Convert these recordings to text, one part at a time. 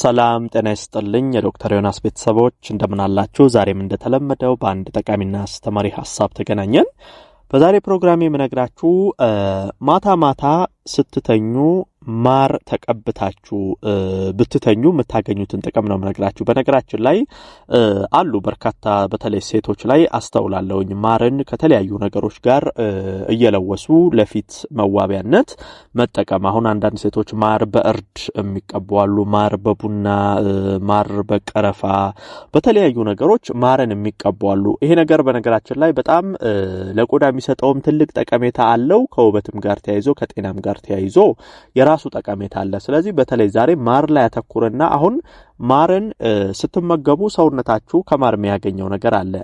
ሰላም ጤና ይስጥልኝ የዶክተር ዮናስ ቤተሰቦች እንደምናላችሁ። ዛሬም እንደተለመደው በአንድ ጠቃሚና አስተማሪ ሀሳብ ተገናኘን። በዛሬ ፕሮግራም የምነግራችሁ ማታ ማታ ስትተኙ ማር ተቀብታችሁ ብትተኙ የምታገኙትን ጥቅም ነው የምነግራችሁ። በነገራችን ላይ አሉ በርካታ በተለይ ሴቶች ላይ አስተውላለውኝ ማርን ከተለያዩ ነገሮች ጋር እየለወሱ ለፊት መዋቢያነት መጠቀም። አሁን አንዳንድ ሴቶች ማር በእርድ የሚቀቡ አሉ፣ ማር በቡና፣ ማር በቀረፋ፣ በተለያዩ ነገሮች ማርን የሚቀቡ አሉ። ይሄ ነገር በነገራችን ላይ በጣም ለቆዳ የሚሰጠውም ትልቅ ጠቀሜታ አለው። ከውበትም ጋር ተያይዞ ከጤናም ጋር ተያይዞ የራሱ ጠቀሜታ አለ። ስለዚህ በተለይ ዛሬ ማር ላይ ያተኩርና አሁን ማርን ስትመገቡ ሰውነታችሁ ከማር የሚያገኘው ነገር አለ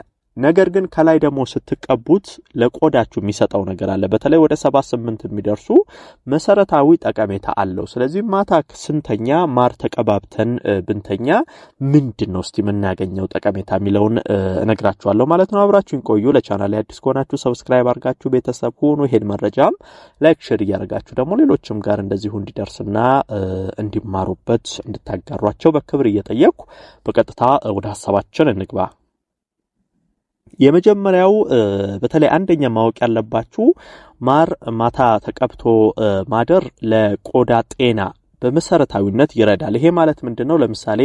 ነገር ግን ከላይ ደግሞ ስትቀቡት ለቆዳችሁ የሚሰጠው ነገር አለ። በተለይ ወደ ሰባት ስምንት የሚደርሱ መሰረታዊ ጠቀሜታ አለው። ስለዚህ ማታ ስንተኛ ማር ተቀባብተን ብንተኛ ምንድን ነው እስቲ የምናገኘው ጠቀሜታ የሚለውን እነግራችኋለሁ ማለት ነው። አብራችሁን ቆዩ። ለቻናል አዲስ ከሆናችሁ ሰብስክራይብ አድርጋችሁ ቤተሰብ ሆኑ። ይሄን መረጃም ላይክ፣ ሼር እያደርጋችሁ ደግሞ ሌሎችም ጋር እንደዚሁ እንዲደርስና እንዲማሩበት እንድታጋሯቸው በክብር እየጠየቅኩ በቀጥታ ወደ ሀሳባችን እንግባ። የመጀመሪያው በተለይ አንደኛ ማወቅ ያለባችሁ ማር ማታ ተቀብቶ ማደር ለቆዳ ጤና በመሰረታዊነት ይረዳል። ይሄ ማለት ምንድን ነው? ለምሳሌ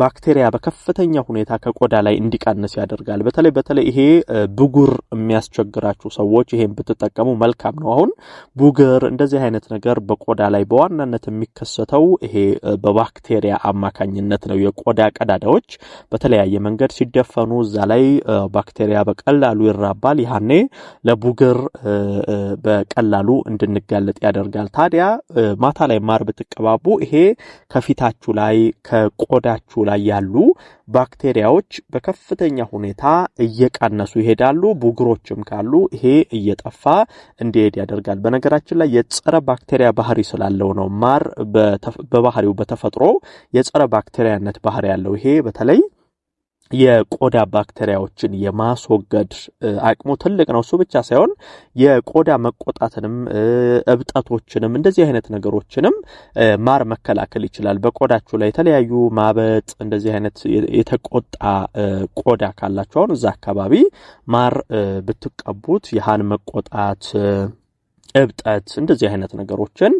ባክቴሪያ በከፍተኛ ሁኔታ ከቆዳ ላይ እንዲቀንስ ያደርጋል። በተለይ በተለይ ይሄ ብጉር የሚያስቸግራችሁ ሰዎች ይሄን ብትጠቀሙ መልካም ነው። አሁን ቡግር እንደዚህ አይነት ነገር በቆዳ ላይ በዋናነት የሚከሰተው ይሄ በባክቴሪያ አማካኝነት ነው። የቆዳ ቀዳዳዎች በተለያየ መንገድ ሲደፈኑ እዛ ላይ ባክቴሪያ በቀላሉ ይራባል። ያኔ ለቡግር በቀላሉ እንድንጋለጥ ያደርጋል። ታዲያ ማታ ላይ ማር ብትቀባቡ ይሄ ከፊታችሁ ላይ ከቆዳችሁ ላይ ያሉ ባክቴሪያዎች በከፍተኛ ሁኔታ እየቀነሱ ይሄዳሉ። ቡግሮችም ካሉ ይሄ እየጠፋ እንዲሄድ ያደርጋል። በነገራችን ላይ የጸረ ባክቴሪያ ባህሪ ስላለው ነው። ማር በባህሪው በተፈጥሮ የጸረ ባክቴሪያነት ባህሪ ያለው ይሄ በተለይ የቆዳ ባክቴሪያዎችን የማስወገድ አቅሙ ትልቅ ነው። እሱ ብቻ ሳይሆን የቆዳ መቆጣትንም እብጠቶችንም እንደዚህ አይነት ነገሮችንም ማር መከላከል ይችላል። በቆዳችሁ ላይ የተለያዩ ማበጥ፣ እንደዚህ አይነት የተቆጣ ቆዳ ካላችሁ አሁን እዛ አካባቢ ማር ብትቀቡት ያህን መቆጣት እብጠት እንደዚህ አይነት ነገሮችን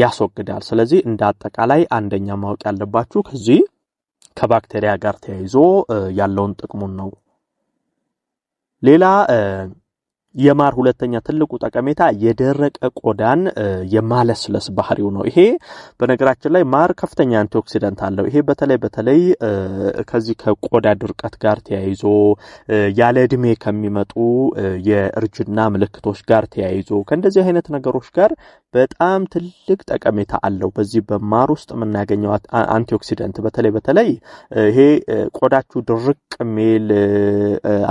ያስወግዳል። ስለዚህ እንደ አጠቃላይ አንደኛ ማወቅ ያለባችሁ ከዚህ ከባክቴሪያ ጋር ተያይዞ ያለውን ጥቅሙን ነው። ሌላ የማር ሁለተኛ ትልቁ ጠቀሜታ የደረቀ ቆዳን የማለስለስ ባህሪው ነው። ይሄ በነገራችን ላይ ማር ከፍተኛ አንቲኦክሲደንት አለው። ይሄ በተለይ በተለይ ከዚህ ከቆዳ ድርቀት ጋር ተያይዞ ያለ እድሜ ከሚመጡ የእርጅና ምልክቶች ጋር ተያይዞ ከእንደዚህ አይነት ነገሮች ጋር በጣም ትልቅ ጠቀሜታ አለው። በዚህ በማር ውስጥ የምናገኘው አንቲኦክሲደንት በተለይ በተለይ ይሄ ቆዳችሁ ድርቅ የሚል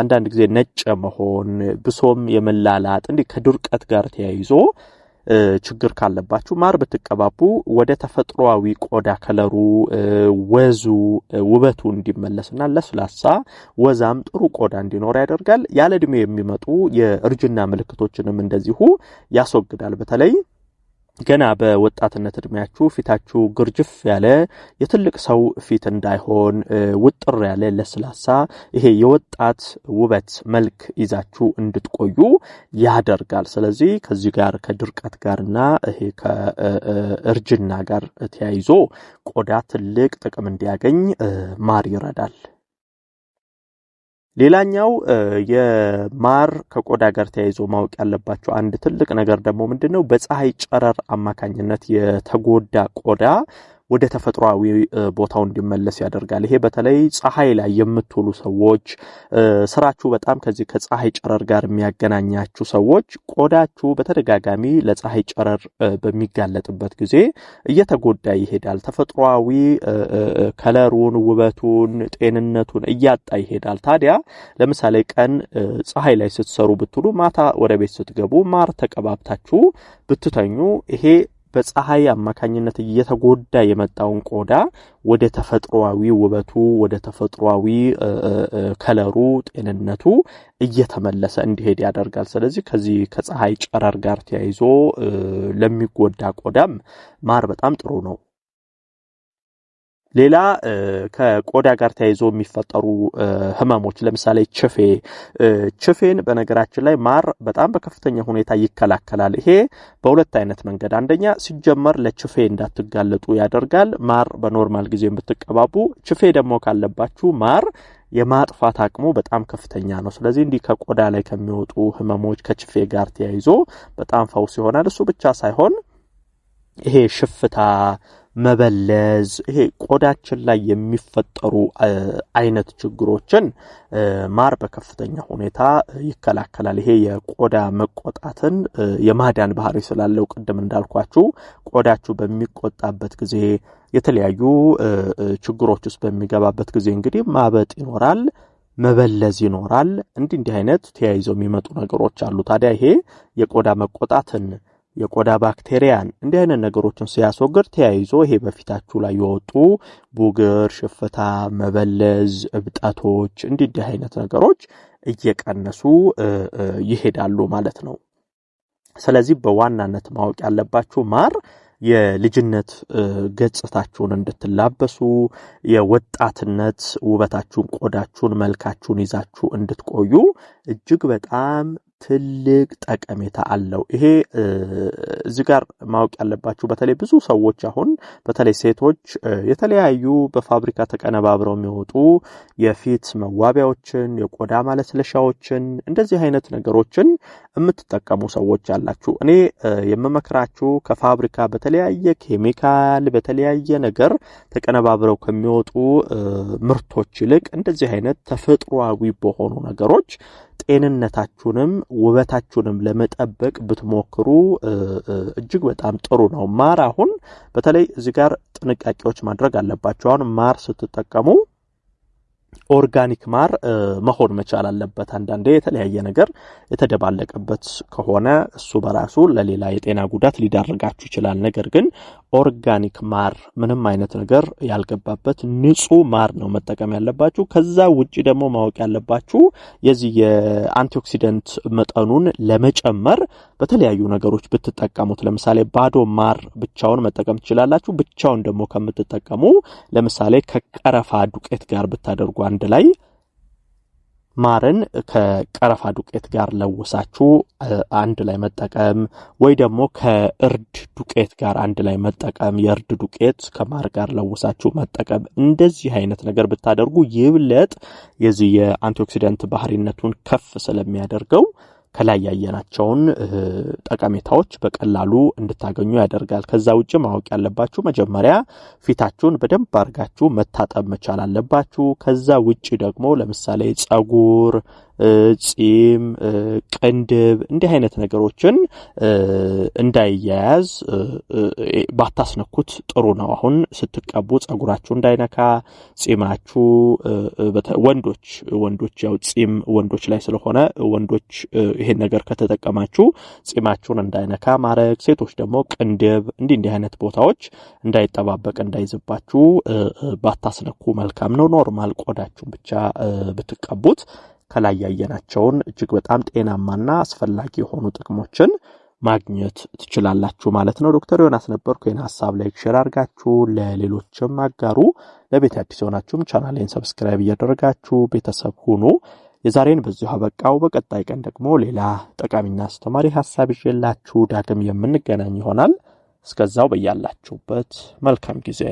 አንዳንድ ጊዜ ነጭ መሆን ብሶም የመላላጥ እንዲህ ከድርቀት ጋር ተያይዞ ችግር ካለባችሁ ማር ብትቀባቡ ወደ ተፈጥሮዊ ቆዳ ከለሩ ወዙ ውበቱ እንዲመለስና ለስላሳ ወዛም ጥሩ ቆዳ እንዲኖር ያደርጋል። ያለ የሚመጡ የእርጅና ምልክቶችንም እንደዚሁ ያስወግዳል። በተለይ ገና በወጣትነት እድሜያችሁ ፊታችሁ ግርጅፍ ያለ የትልቅ ሰው ፊት እንዳይሆን ውጥር ያለ ለስላሳ፣ ይሄ የወጣት ውበት መልክ ይዛችሁ እንድትቆዩ ያደርጋል። ስለዚህ ከዚህ ጋር ከድርቀት ጋርና ይሄ ከእርጅና ጋር ተያይዞ ቆዳ ትልቅ ጥቅም እንዲያገኝ ማር ይረዳል። ሌላኛው የማር ከቆዳ ጋር ተያይዞ ማወቅ ያለባቸው አንድ ትልቅ ነገር ደግሞ ምንድን ነው? በፀሐይ ጨረር አማካኝነት የተጎዳ ቆዳ ወደ ተፈጥሯዊ ቦታው እንዲመለስ ያደርጋል። ይሄ በተለይ ፀሐይ ላይ የምትውሉ ሰዎች ስራችሁ በጣም ከዚህ ከፀሐይ ጨረር ጋር የሚያገናኛችሁ ሰዎች ቆዳችሁ በተደጋጋሚ ለፀሐይ ጨረር በሚጋለጥበት ጊዜ እየተጎዳ ይሄዳል። ተፈጥሯዊ ከለሩን፣ ውበቱን፣ ጤንነቱን እያጣ ይሄዳል። ታዲያ ለምሳሌ ቀን ፀሐይ ላይ ስትሰሩ ብትሉ ማታ ወደ ቤት ስትገቡ ማር ተቀባብታችሁ ብትተኙ ይሄ በፀሐይ አማካኝነት እየተጎዳ የመጣውን ቆዳ ወደ ተፈጥሮዊ ውበቱ ወደ ተፈጥሮዊ ከለሩ፣ ጤንነቱ እየተመለሰ እንዲሄድ ያደርጋል። ስለዚህ ከዚህ ከፀሐይ ጨረር ጋር ተያይዞ ለሚጎዳ ቆዳም ማር በጣም ጥሩ ነው። ሌላ ከቆዳ ጋር ተያይዞ የሚፈጠሩ ህመሞች ለምሳሌ ችፌ። ችፌን በነገራችን ላይ ማር በጣም በከፍተኛ ሁኔታ ይከላከላል። ይሄ በሁለት አይነት መንገድ፣ አንደኛ ሲጀመር ለችፌ እንዳትጋለጡ ያደርጋል። ማር በኖርማል ጊዜ የምትቀባቡ፣ ችፌ ደግሞ ካለባችሁ ማር የማጥፋት አቅሙ በጣም ከፍተኛ ነው። ስለዚህ እንዲህ ከቆዳ ላይ ከሚወጡ ህመሞች ከችፌ ጋር ተያይዞ በጣም ፈውስ ይሆናል። እሱ ብቻ ሳይሆን ይሄ ሽፍታ መበለዝ ይሄ ቆዳችን ላይ የሚፈጠሩ አይነት ችግሮችን ማር በከፍተኛ ሁኔታ ይከላከላል። ይሄ የቆዳ መቆጣትን የማዳን ባህሪ ስላለው ቅድም እንዳልኳችሁ ቆዳችሁ በሚቆጣበት ጊዜ የተለያዩ ችግሮች ውስጥ በሚገባበት ጊዜ እንግዲህ ማበጥ ይኖራል መበለዝ ይኖራል። እንዲህ እንዲህ አይነት ተያይዘው የሚመጡ ነገሮች አሉ። ታዲያ ይሄ የቆዳ መቆጣትን የቆዳ ባክቴሪያን እንዲህ አይነት ነገሮችን ሲያስወግድ ተያይዞ ይሄ በፊታችሁ ላይ የወጡ ቡግር፣ ሽፍታ፣ መበለዝ፣ እብጠቶች እንዲህ አይነት ነገሮች እየቀነሱ ይሄዳሉ ማለት ነው። ስለዚህ በዋናነት ማወቅ ያለባችሁ ማር የልጅነት ገጽታችሁን እንድትላበሱ የወጣትነት ውበታችሁን፣ ቆዳችሁን፣ መልካችሁን ይዛችሁ እንድትቆዩ እጅግ በጣም ትልቅ ጠቀሜታ አለው። ይሄ እዚህ ጋር ማወቅ ያለባችሁ በተለይ ብዙ ሰዎች አሁን በተለይ ሴቶች የተለያዩ በፋብሪካ ተቀነባብረው የሚወጡ የፊት መዋቢያዎችን፣ የቆዳ ማለስለሻዎችን እንደዚህ አይነት ነገሮችን የምትጠቀሙ ሰዎች አላችሁ። እኔ የምመክራችሁ ከፋብሪካ በተለያየ ኬሚካል፣ በተለያየ ነገር ተቀነባብረው ከሚወጡ ምርቶች ይልቅ እንደዚህ አይነት ተፈጥሯዊ በሆኑ ነገሮች ጤንነታችሁንም ውበታችሁንም ለመጠበቅ ብትሞክሩ እጅግ በጣም ጥሩ ነው። ማር አሁን በተለይ እዚህ ጋር ጥንቃቄዎች ማድረግ አለባቸው። አሁን ማር ስትጠቀሙ ኦርጋኒክ ማር መሆን መቻል አለበት። አንዳንዴ የተለያየ ነገር የተደባለቀበት ከሆነ እሱ በራሱ ለሌላ የጤና ጉዳት ሊዳርጋችሁ ይችላል። ነገር ግን ኦርጋኒክ ማር ምንም አይነት ነገር ያልገባበት ንጹህ ማር ነው መጠቀም ያለባችሁ። ከዛ ውጭ ደግሞ ማወቅ ያለባችሁ የዚህ የአንቲኦክሲደንት መጠኑን ለመጨመር በተለያዩ ነገሮች ብትጠቀሙት፣ ለምሳሌ ባዶ ማር ብቻውን መጠቀም ትችላላችሁ። ብቻውን ደግሞ ከምትጠቀሙ ለምሳሌ ከቀረፋ ዱቄት ጋር ብታደርጉ አንድ ላይ ማርን ከቀረፋ ዱቄት ጋር ለውሳችሁ አንድ ላይ መጠቀም ወይ ደግሞ ከእርድ ዱቄት ጋር አንድ ላይ መጠቀም የእርድ ዱቄት ከማር ጋር ለውሳችሁ መጠቀም፣ እንደዚህ አይነት ነገር ብታደርጉ ይብለጥ የዚህ የአንቲኦክሲደንት ባህሪነቱን ከፍ ስለሚያደርገው ከላይ ያየናቸውን ጠቀሜታዎች በቀላሉ እንድታገኙ ያደርጋል። ከዛ ውጭ ማወቅ ያለባችሁ መጀመሪያ ፊታችሁን በደንብ አድርጋችሁ መታጠብ መቻል አለባችሁ። ከዛ ውጭ ደግሞ ለምሳሌ ጸጉር ጺም፣ ቅንድብ እንዲህ አይነት ነገሮችን እንዳይያያዝ ባታስነኩት ጥሩ ነው። አሁን ስትቀቡ ጸጉራችሁ እንዳይነካ ጺማችሁ፣ ወንዶች ወንዶች ያው ጺም ወንዶች ላይ ስለሆነ ወንዶች ይሄን ነገር ከተጠቀማችሁ ጺማችሁን እንዳይነካ ማድረግ፣ ሴቶች ደግሞ ቅንድብ እንዲህ እንዲህ አይነት ቦታዎች እንዳይጠባበቅ እንዳይዝባችሁ ባታስነኩ መልካም ነው። ኖርማል ቆዳችሁን ብቻ ብትቀቡት ከላይ ያየናቸውን እጅግ በጣም ጤናማና አስፈላጊ የሆኑ ጥቅሞችን ማግኘት ትችላላችሁ ማለት ነው። ዶክተር ዮናስ ነበርኩ። ይህን ሀሳብ ላይክ ሼር አድርጋችሁ ለሌሎችም አጋሩ። ለቤት አዲስ የሆናችሁም ቻናሌን ሰብስክራይብ እያደረጋችሁ ቤተሰብ ሁኑ። የዛሬን በዚሁ አበቃው። በቀጣይ ቀን ደግሞ ሌላ ጠቃሚና አስተማሪ ሀሳብ ይዤላችሁ ዳግም የምንገናኝ ይሆናል። እስከዛው በያላችሁበት መልካም ጊዜ